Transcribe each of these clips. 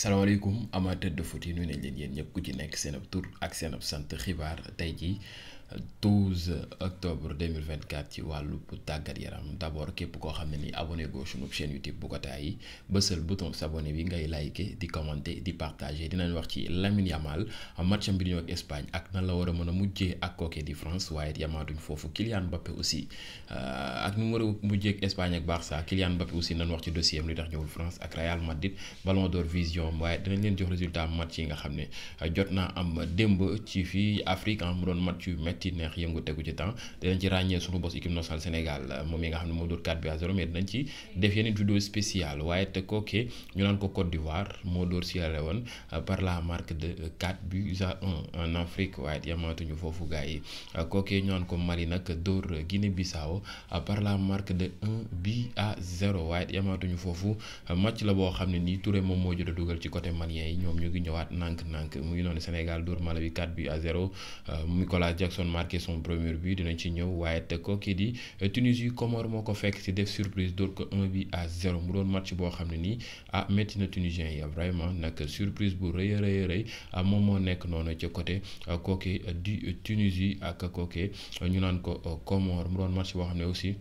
salaamaaleykum amaa de foot yi nu nañ leen yéen ñëpp ku ci nekk seen ab tur ak seen ab sant xibaar tey jii 12 ci wàllu tàggat yaram d' abord képp koo xam ne ni abonné goo sunu chaîne YouTube bu ko taay bësal bouton s'abonner bi ngay liker di commenter di partager dinañ wax ci Lamine Yamal match am ak Espagne a a di France waaye yamaatuñ foofu Kylian Mbappé aussi euh, ak nu mu war Espagne ak Barça Kylian Mbappé aussi nañ wax ci dossier am li tax ñëwul France ak Real Madrid Ballon d'Or vision waaye dinañ leen jox résultat match yi nga xam ne jot naa am ti neex yëngu tegu ci temps dinañ ci ràññee sunu bos équipe nationale Sénégal euh, moom yi nga xam ne moo dóor 4 bi à 0 mais te kookee ñu ko Côte d'Ivoire moo dóor Sierra Leone euh, par la marque de 4 euh, buts à 1 en Afrique waaye it yamaatuñu foofu gars yi kookee ñu naan ko Mali nag dóor la marque de 1 but à 0 waaye it foofu match la boo xam ne nii Touré moom moo jot a ci côté malien yi ñoom ñu ngi ñëwaat mu ngi noonu Sénégal dóor Jackson Jackson marqué son premier but dinañ ci ñëw waaye te ko kii di euh, Tunisie Comore moo ko fekk si def surprise dóor ko 1 bi à 0 mu doon match boo xam ne nii ah métti na tunisien yi vraiment nag surprise bu rëy a rëy a ah, moom moo nekk noonu ci côté euh, kooki euh, du Tunisie ak kooki ñu naan ko Comore mu doon match boo xam ne aussi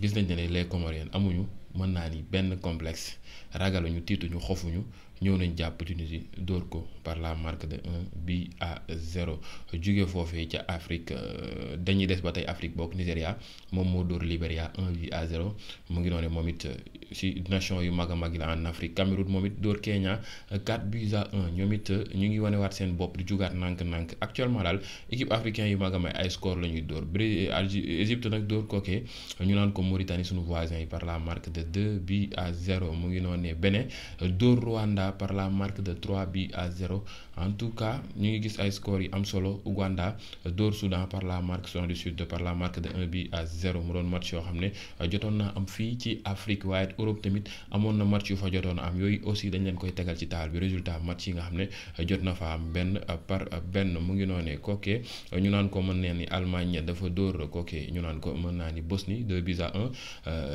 gis nañ ne les Comoriens amuñu mën naa ni benn complexe ñu tiituñu xofuñu. ñëw nañ jàpp Tunisie dóor ko par la marque de un bi à zéro jóge foofee ca Afrique euh, dañuy des ba tey Afrique bokk Nigéria moom moo dóor Libéria un bi à zéro mu ngi noone moom it si nation yu mag a mag la en Afrique Cameroun moom it dóor Kenya ñoom it ñu ngi waat seen bopp di jugaat nànk-nànk actuellement daal équipe africain yu mag a mag ay score la ñuy dóor Brésil Égypte nag dóor kookee ñu naan ko Mauritanie suñu voisin yi par la marque de 2 buts à 0 mu ngi noonu ne Bénin dóor Rwanda par la marque de 3 bi à 0 en tout cas ñu ngi gis ay score yi am solo Ouganda dóor Soudan par la marque Soudan du Sud par la marque de 1 but à 0 mu doon xam ne jotoon naa am fii ci Afrique waaye Europe tamit amoon na match yu fa jotoon am yooyu aussi dañ leen koy tegal ci taal bi résultat match yi nga xam ne jot na fa am benn par benn mu ngi noonee kookee ñu naan ko mën nee ni Allemagne dafa dóor kookee ñu naan ko mën naa ni Bosnie 2 buts à 1 euh,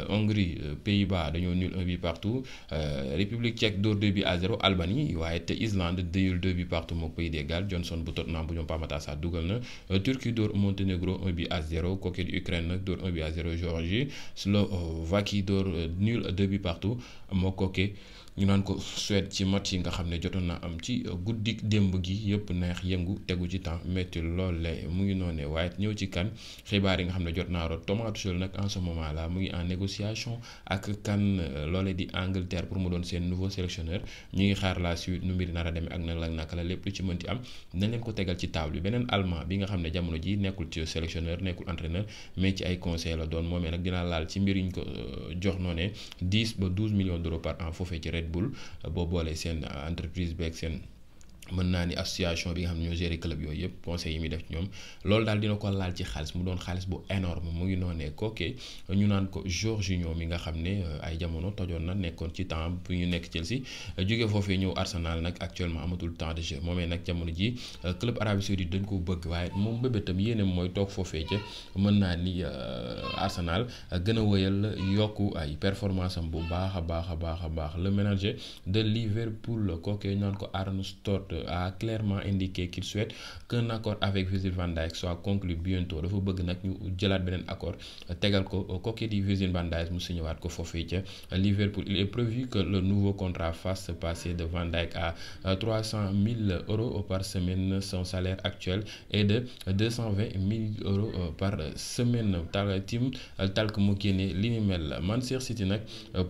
Hongrie euh, Pays-Bas dañoo nul 1 but partout euh, République Tchèque dóor 2 buts à Albanie waaye te Islande déyul 2 buts partout mook Pays des Galles Johnson bu Tottenham bu ñoom Pape dugal na Turquie dóor Monténégro 1 but à 0 kookee di Ukraine nag dóor 1 but à 0 deux buts partout moo kookee ñu naan ko Suède ci match yi nga xam ne jotoon naa am ci euh, guddi démb gi yëpp neex yëngu tegu ci temps métti loole mu ngi noonee waaye ñëw ci kan xibaar yi nga xam ne jot naa root Thomas Tuchel nag en ce moment là mu ngi en négociation ak kan euh, loole di Angleterre pour mu doon seen nouveau sélectionneur ñu ngi xaar la suite nu mbir nar a ak na la naka la lépp lu ci mënti am dinañ leen ko tegal ci table bi beneen allemand bi nga xam ne jamono ji nekkul ci sélectionneur nekkul entraîneur mais ci ay conseil la doon moomee laal ci mbir ko euh, jox noonee 10 ba 12 bul boo boolee seen entreprise beek seen mën naa ni association bi nga xam ne ñoo gérer club yooyu yëpp conseil yi muy def ñoom loolu daal dina ko laal ci xaalis mu doon xaalis bu énorme mu ngi noonee kookee ñu naan ko Georges Junior mi nga xam ne euh, ay jamono tojoon na nekkoon ci temps bu ñu nekk Chelsea euh, jóge foofee ñëw Arsenal nag actuellement amatul temps de moom moomee nag jamono ji euh, club Arabie Saoudite dañ ko bëgg waaye moom bébétam yéene mooy toog foofee ca mën naa ni Arsenal gën a wëyal yokk ay performance bu baax a baax a baax a baax le manager de Liverpool kookee ñu naan ko Arne Slot a clairement indiqué qu'il souhaite qu'un accord avec Virgil van Dijk soit conclu bientôt dafa bëgg nag ñu jëlaat beneen accord tegal ko kooku di Virgil van Dijk mu signé waat ko foofee ca Liverpool il est prévu que le nouveau contrat fasse passer de Van Dijk à 300 euh, 000 euros par semaine son salaire actuel est de 220 000 euros euh, par semaine tal tim euh, talk mu génne li ni mel Manchester City nag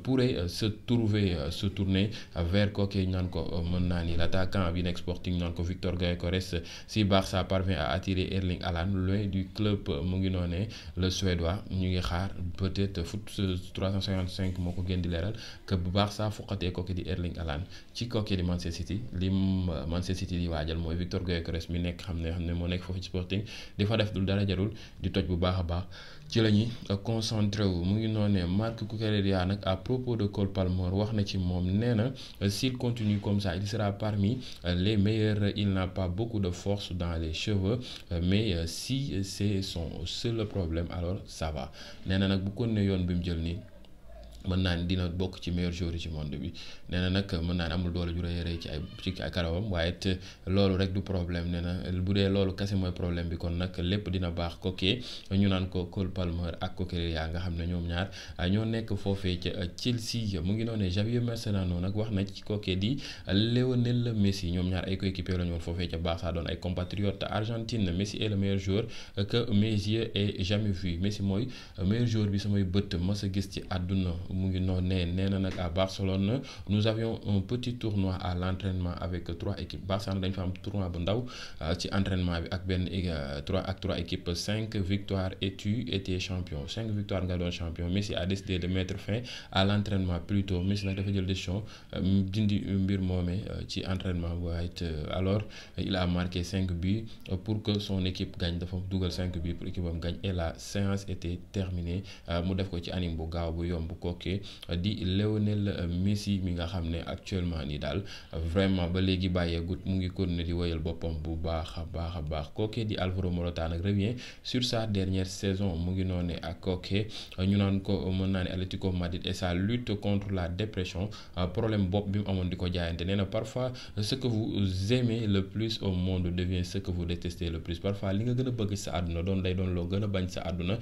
pourrait se trouver se tourner vers kooku naan ko mën naa ni l'attaquant bi avec Sporting naan ko Victor Gyökeres si Barça parvient à attirer Erling Haaland loin du club mu ngi noonee le suédois ñu ngi xaar peut-être foot 355 moo ko gën di leeral que Barça fuqatee kooku di Erling alaan ci kooku di Manchester City li Manchester City di waajal mooy Victor Gyökeres mi nekk xam ne xam ne moo nekk foofu ci Sporting di fa def du dara jarul di toj bu baax a baax. ci la ñuy euh, concentré wu mu ngi noone Marc Cucurella nag à propos de Cole Palmer wax na ci moom nee na euh, s'il continue comme ça il sera parmi euh, les meilleurs il n'a pas beaucoup de force dans les cheveux mais si c'est son seul problème alors ça va nee na nag bu kon ne yoon bi mu jël nii mën naa ne dina bokk ci meilleur joueur ci monde bi nee na nag mën naa ne amul doole ju rëy ci ay ci ay karawam waaye it loolu rek du problème nee na bu dee loolu kese mooy problème bi kon nag lépp dina baax kookee ñu naan ko Cole Palmer ak yaa nga xam ne ñoom ñaar ah, ñoo nekk foofee ca ah, Chelsea mu ngi noonee Javier Mascherano nag wax na ci kookee di Lionel Messi ñoom ñaar ay coéquipier la ñu foofee ca Barça doon ay compatriote Argentine Messi est le meilleur joueur que mes yeux aient jamais vu mooy ah, meilleur joueur bi samay bët mas a gis ci àdduna mu ngi noonu nee nee na nag à Barcelone nous avions un petit tournoi à l'entraînement avec trois équipes Barcelone dañ fa am tournoi bu ndaw euh, ci entraînement bi ak benn euh, trois ak trois équipes cinq victoires et tu champion cinq victoires nga doon champion Messi a décidé de mettre fin à l'entraînement plus tôt Messi nag dafa jël décision euh, dindi mbir moomee ci entraînement waaye alors la a marqué cinq buts pour que son équipe gagne dafa dugal cinq buts pour équipe am gagne et la séance était terminée mu def ko ci anime bu gaaw bu yomb kooku convoqué di Lionel Messi mi nga xam ne actuellement nii daal vraiment ba léegi bàyyeegut mu ngi continuer di woyal boppam bu baax a baax a baax kooke di Alvaro Morata nag revient sur sa dernière saison mu ngi noonu ak kooke ñu naan ko mën naa ne Atlético Madrid et sa lutte contre la dépression problème bopp bi mu amoon di ko jaayante nee na parfois ce que vous aimez le plus au monde devient ce que vous le plus parfois li nga gën a bëgg sa àdduna doon day doon loo gën a bañ sa àdduna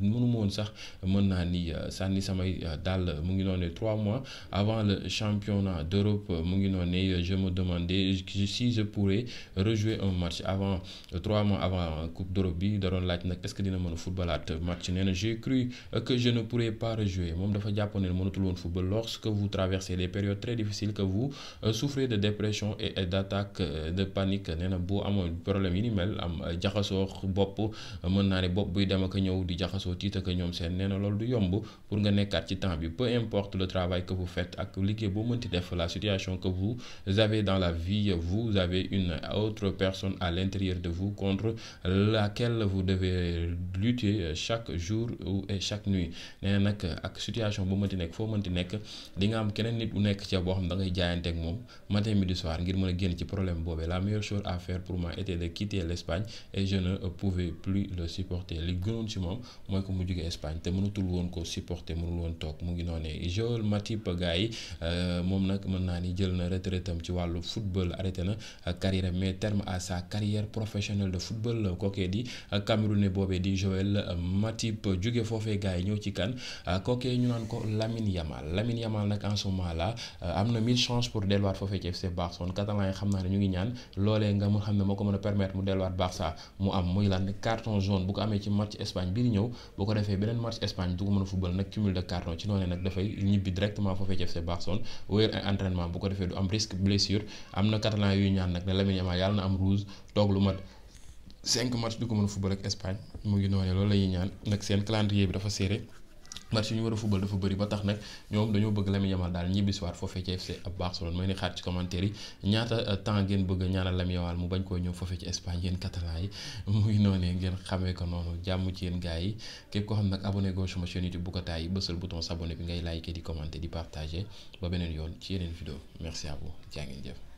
mënu ma sax mën naa ni euh, sànni samay euh, dàll mu ngi noonu trois mois avant le championnat d'Europe euh, mu ngi noonu je me demandais si je pourrais rejouer un match avant trois mois avant coupe d'Europe bi da doon laaj nag est-ce dina mën a footballaat match nee na j'ai cru que je ne pourrais pas moom dafa jàpp ne mënatul woon football lorsque vous traversez les périodes très difficiles que vous souffrez de dépression et d'attaque de panique nee na boo amoon problème yi ni mel am jaxasoo bopp mën naa ne bopp buy dem ak ñëw di jaxasoo jaxasoo tiit ak ñoom seen nee loolu du yomb pour nga nekkaat ci temps bi peu importe le travail que vous faites ak liggéey boo mënti def la situation que vous avez dans la vie vous avez une autre personne à l'intérieur de vous contre laquelle vous devez lutter chaque jour et chaque nuit nee na nag ak situation bu mënti nekk foo mënti nekk di nga am keneen nit bu nekk ci boo xam da ngay jaayante ak moom matin midi soir ngir mën a ci problème boobee la meilleure chose à faire pour moi était de quitter l'Espagne et je ne pouvais mooy ko mu jóge Espagne te mënatul woon ko supporter mënul woon toog mu ngi noonee Joël Matip gars yi euh, moom nag mën naa ni jël na retraite am ci wàllu football arrêté na euh, carrière mais terme à sa carrière professionnelle de football euh, kookee di Camerounais boobee di Joël Matip jóge foofee gars yi ñëw ci kan kookee ñu naan ko Lamine Yamal Lamine Yamal nag en ce am na mille chances pour delluwaat foofee ci FC Barcelone catalan yi xam naa ne ñu ngi ñaan loolee nga mu xam ne moo ko a permettre mu delluwaat Barça mu bu ko amee ci match Espagne bi di ñëw boo ko defee beneen match Espagne du ko mën a football nag cumul de carton ci noonu nag dafay ñibbi directement foofee ci FC Barcelone wéyal ay entraînement bu ko defee du am risque blessure am na Catalan yuy ñaan nag ne Lamine Yamal yàlla na am rouge toog lu mat. cinq match du ko mën a football ak Espagne mu ngi noonu loolu la ñuy ñaan nag seen calendrier bi dafa serré match yi ñu war a football dafa bëri ba tax nag ñoom dañoo bëgg Lamine Yamal daal ñibbisiwaat foofee ci FC ab Barcelone may euh, mu bañ koo ñëw foofee ci Espagne yéen catalan yi muy noonee ngeen xamee ko noonu jàmm ci yéen gars yi képp koo xam nag abonné goo sama chaîne YouTube bu ko bësal bouton s'abonner bi ngay liker di commenter di partager ba beneen yoon ci yeneen vidéo merci à vous jaa jëf